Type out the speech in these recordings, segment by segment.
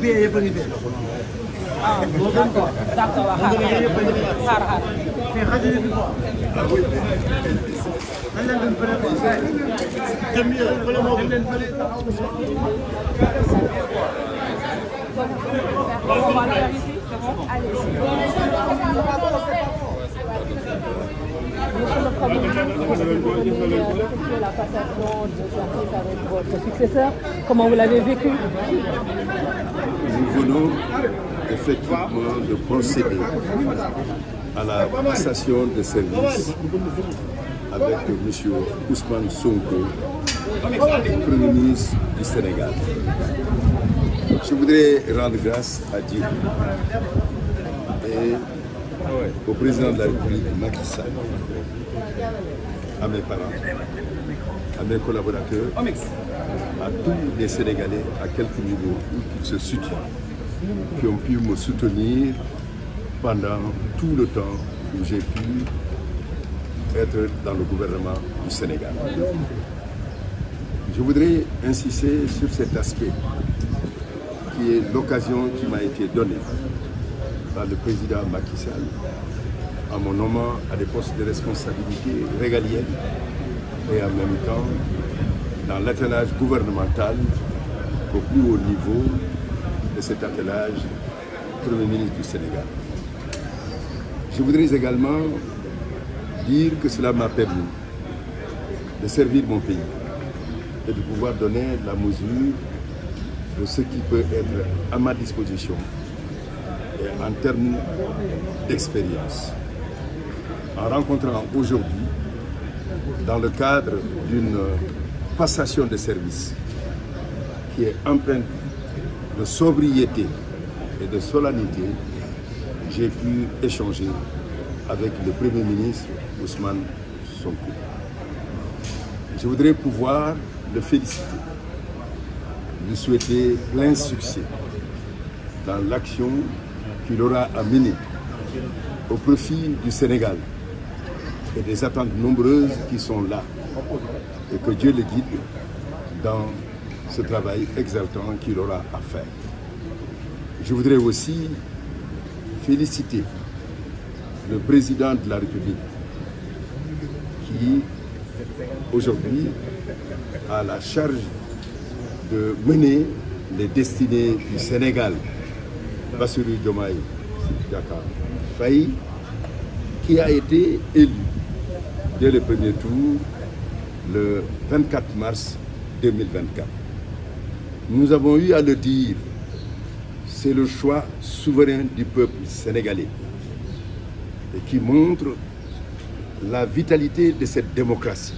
biyee yëpp a ngi dee. ah moo gën ko. d'accord waaw xaar xaar la passation de la avec votre successeur, comment vous l'avez vécu venons effectivement de procéder à la passation de service avec monsieur Ousmane Sonko, Premier ministre du Sénégal. Je voudrais rendre grâce à Dieu et au président de la République, Macky Sall, à mes parents, à mes collaborateurs, à tous les Sénégalais, à quelque niveau, qui se situent, qui ont pu me soutenir pendant tout le temps où j'ai pu être dans le gouvernement du Sénégal. Je voudrais insister sur cet aspect qui est l'occasion qui m'a été donnée par le président Macky Sall en me nommant à des postes de responsabilité régalienne et en même temps dans l'attelage gouvernemental au plus haut niveau de cet attelage Premier ministre Sénégal. Je voudrais également dire que cela m'a permis de servir mon pays et de pouvoir donner la mesure de ce qui peut être à ma disposition En rencontrant aujourd'hui, dans le cadre d'une passation de service qui est empreinte de sobriété et de solennité, j'ai pu échanger avec le Premier ministre Ousmane Sonko. Je voudrais pouvoir le féliciter, lui souhaiter plein dans l'action qu'il aura à mener au profit du Sénégal et des attentes nombreuses qui sont là. et que Dieu le guide dans ce travail exaltant qu'il aura à faire. Je voudrais aussi féliciter le président de la République qui aujourd'hui a la charge de mener les destinées du Sénégal. Bassirou Diomaye Diakhar Faye qui a été élu dès le premier tour le 24 mars 2024. Nous avons eu à le dire, c'est le choix souverain du vitalité de cette démocratie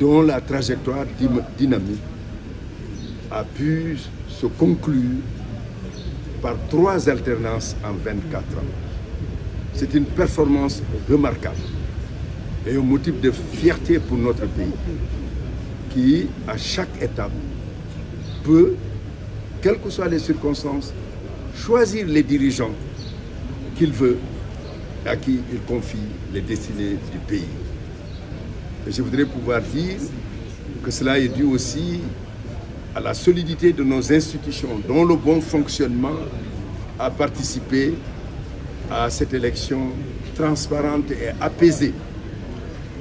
dont la trajectoire dynamique a pu se conclure par trois alternances en 24 ans. C'est une performance remarquable. est un motif de fierté pour notre pays, qui, à chaque étape, peut, quelles que soient les circonstances, choisir les dirigeants qu'il veut, à qui il confie les destinées du pays. Et je voudrais pouvoir dire que cela est dû aussi à la solidité de nos institutions, dont le bon fonctionnement a participé à cette élection transparente et apaisée.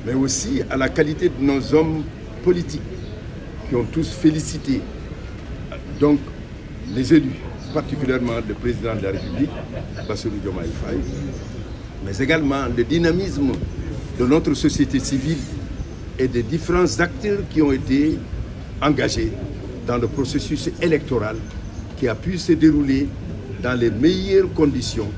mais aussi à la qualité de nos hommes politiques qui ont tous félicité donc les élus, particulièrement le président de la République, Bassirou Diomaye Faye, mais également le dynamisme de notre société civile et des différents acteurs qui ont été engagés dans le processus électoral qui a pu se dérouler dans les meilleures conditions,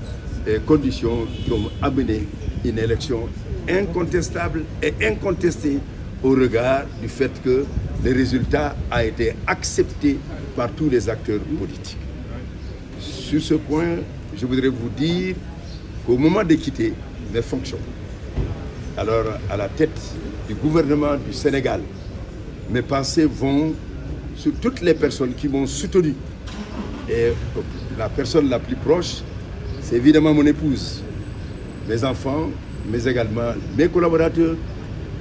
les conditions qui ont amené une élection incontestable et incontesté au regard du fait que le résultat a été accepté par tous les acteurs politiques. Sur ce point, je voudrais vous dire qu'au moment de quitter mes fonctions, alors à la tête du gouvernement du Sénégal, mes pensées vont sur toutes les personnes qui m'ont soutenu. Et la personne la plus proche, c'est évidemment mon épouse, mes enfants, mais également mes collaborateurs,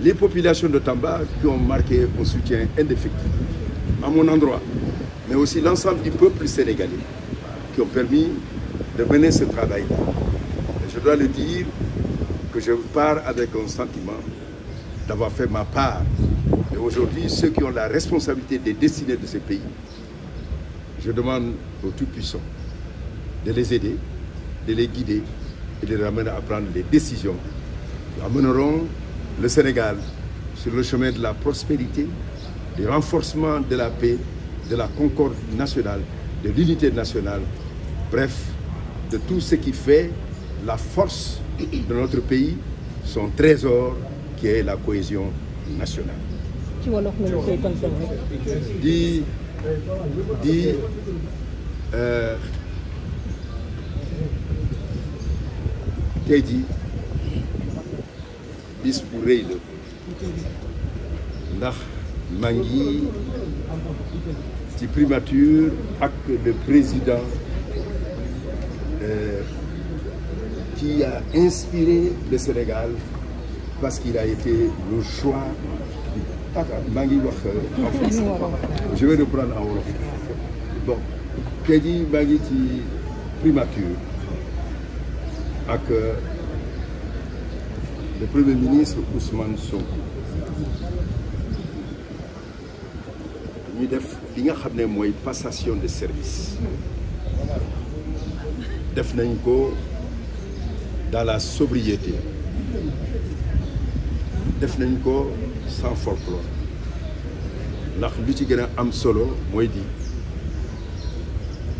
les populations de Tamba qui ont marqué un soutien indéfectible à mon endroit, mais aussi l'ensemble du peuple sénégalais qui ont permis de mener ce travail-là. Je dois le dire que je pars avec un sentiment d'avoir fait ma part. Et aujourd'hui, ceux qui ont la responsabilité des destinées de ce pays, je demande aux Tout-Puissants de les aider, de les guider et de les ramener à prendre les décisions Nous amènerons le Sénégal sur le chemin de la prospérité, du renforcement de la paix, de la concorde nationale, de l'unité nationale, bref, de tout ce qui fait la force de notre pays, son trésor qui est la cohésion nationale. di di euh, tey jii bis bu ndax maa ngi ci primature ak le président euh, qui a inspiré le Sénégal parce qu'il a été le choix maa ngi wax euh, en français je vais reprendre en wolof bon tey jii maa ngi primature ak euh, le Premier ministre Ousmane Sonko ñu def bi nga xam ne mooy passation de service def nañ ko dans la sobriété def nañ ko sans folklore ndax lu ci gën a am solo mooy di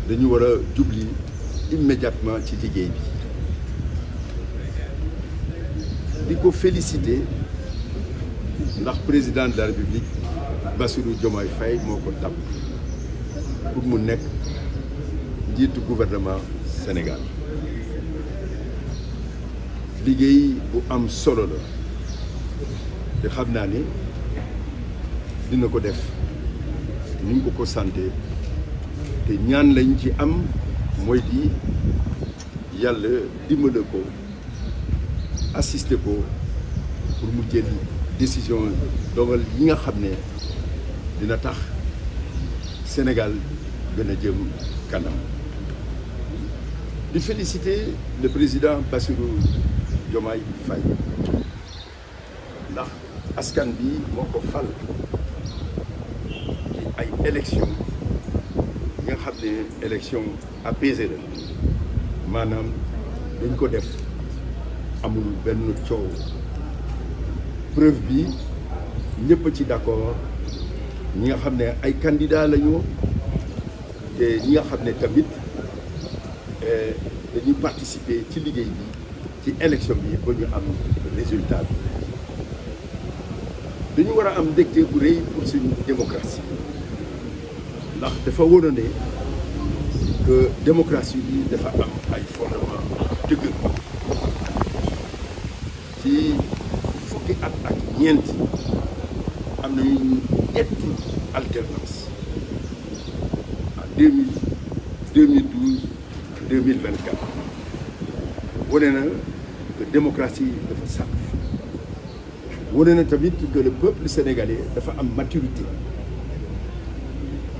dañu war a jubli immédiatement ci liggéey bi di ko félicité ndax président de la république Bassirou Diomaye Faye moo ko tàbb pour mu nekk njiitu gouvernement Sénégal liggéey bu am solo la te xam naa ni dina ko def ni mu ko ko santé te ñaan lañ ci am mooy di yàlla dimbale ko assisté ko pour mu jël décision dogal yi nga xam ne dina tax Sénégal gën a jëm kanam di féliciter le président Bassirou Diomaye Faye ndax askan bi moo ko fal ci ay élection yi nga xam ne élection apaisée la maanaam dañ ko def amul benn coow preuve bi ñëpp a ci d'accord ñi nga xam ne ay candidat lañu te ñi nga xam ne tamit eh, dañuy participer ci liggéey bi ci élection bi ba ñu am résultat bi dañu war a am ndegte bu rëy pour suñu démocratie ndax dafa wóor ne que bi dafa am ay fondement dëgg. ci fukki at ak ñeenti am nañu ñetti alternance en deux na que démocratie dafa sàq wane na tamit que le peuple sénégalais dafa am maturité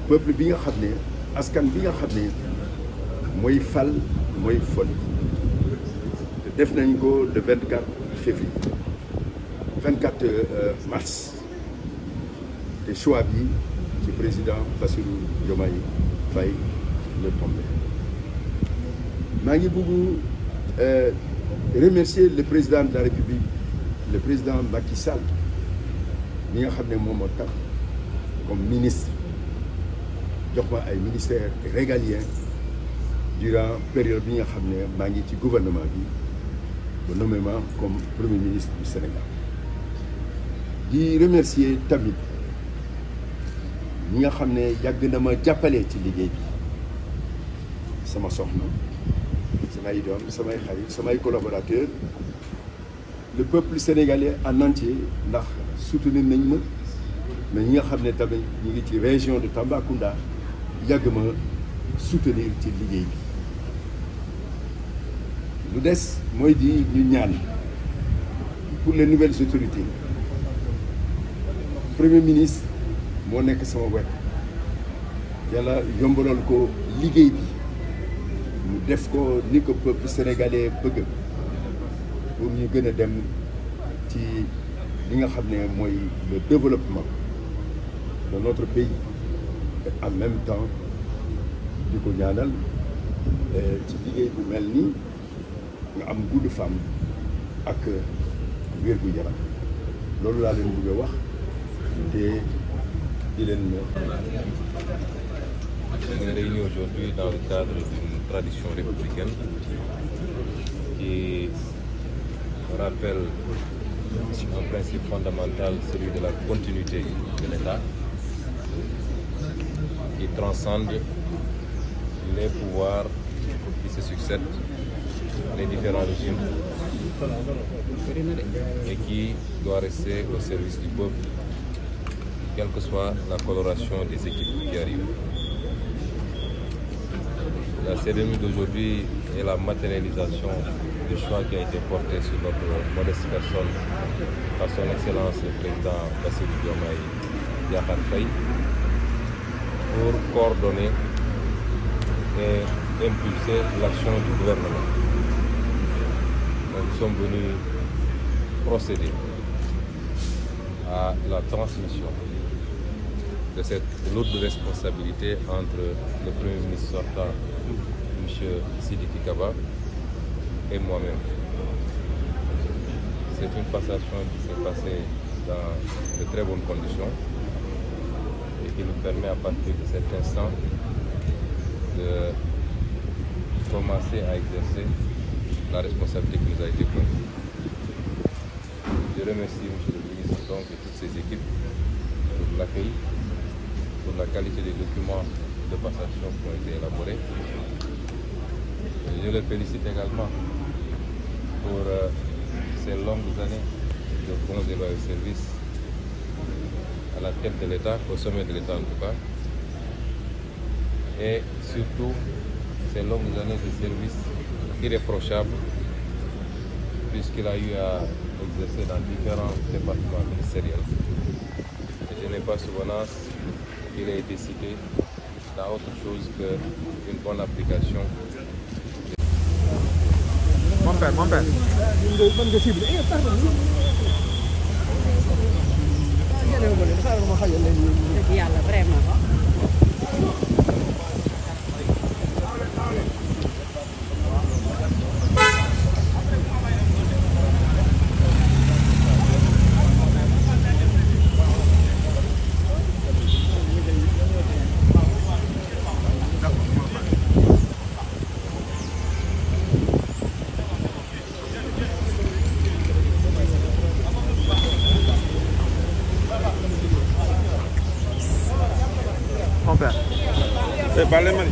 peuple bi nga xam ne askan bi nga xam ne mooy fal mooy fol te def nañ ko le vingt quatre février 24 euh, mars te choix ci président Bassirou Diomaye Faye le tombé maa ngi bëgg euh, remercier le président de la le président Macky Sall mi nga xam ne moom moo tax comme ministre jox ma ay ministères régaliens durant période bi nga xam ne maa ngi ci gouvernement bi ba nommé ma comme premier ministre du Sénégal di remercier tamit ñi nga xam ne yàgg na ma jàppale ci liggéey bi sama soxna samay doom samay xarit samay collaborateur le peuple sénégalais en entier ndax soutenir nañ ma mais ñi nga xam ne tamit ñu ngi ci région de Tambacounda yàgg ma soutenir ci liggéey bi. lu des mooy di ñu ñaan pour les nouvelles autorités premier ministre moo nekk sama wet yàlla yombalal ko liggéey bi mu def ko ni ko peuple sénégalais bëgg pour ñu gën a dem ci li nga xam ne mooy le développement de notre pays en même temps di ko ñaanal eh, ci liggéey bu mel nii nga am gudd fàmm ak wér gu yaram loolu laa leen bëgg wax te di leen réunis aujourd'hui dans le cadre d'une tradition républicaine qui rappelle un principe fondamental, celui de la continuité de l'État, qui transcende les pouvoirs qui se succèdent les différents régimes et qui doit rester au service du peuple, quelle que soit la coloration des équipes qui arrivent. La cérémonie d'aujourd'hui est la matérialisation du choix qui a été porté sur notre modeste par son excellence le président Bassirou Diomaye Diakhar pour coordonner et impulser l'action du gouvernement. nous sommes venus procéder à la transmission de cette lourde responsabilité entre le Premier ministre sortant, M. Sidiki Kaba, et moi-même. C'est une passation qui s'est passée dans de très bonnes conditions et qui nous permet à partir de cet instant de commencer à exercer la responsabilité qui nous a été confiée. Je remercie M. le ministre donc et toutes ses équipes pour l'accueil, uh, pour la qualité des documents de passation qui ont été Je le félicite également pour ces longues années de services à la tête de l'État, au sommet de l'État en tout cas. Et surtout, ces longues années de service irréprochable, puisqu'il a eu à exercer dans différents départements ministériels. Et je n'ai pas souvenance qu'il ait été cité dans autre chose qu'une bonne application. Mon père, mon père. Yàlla vraiment Vale,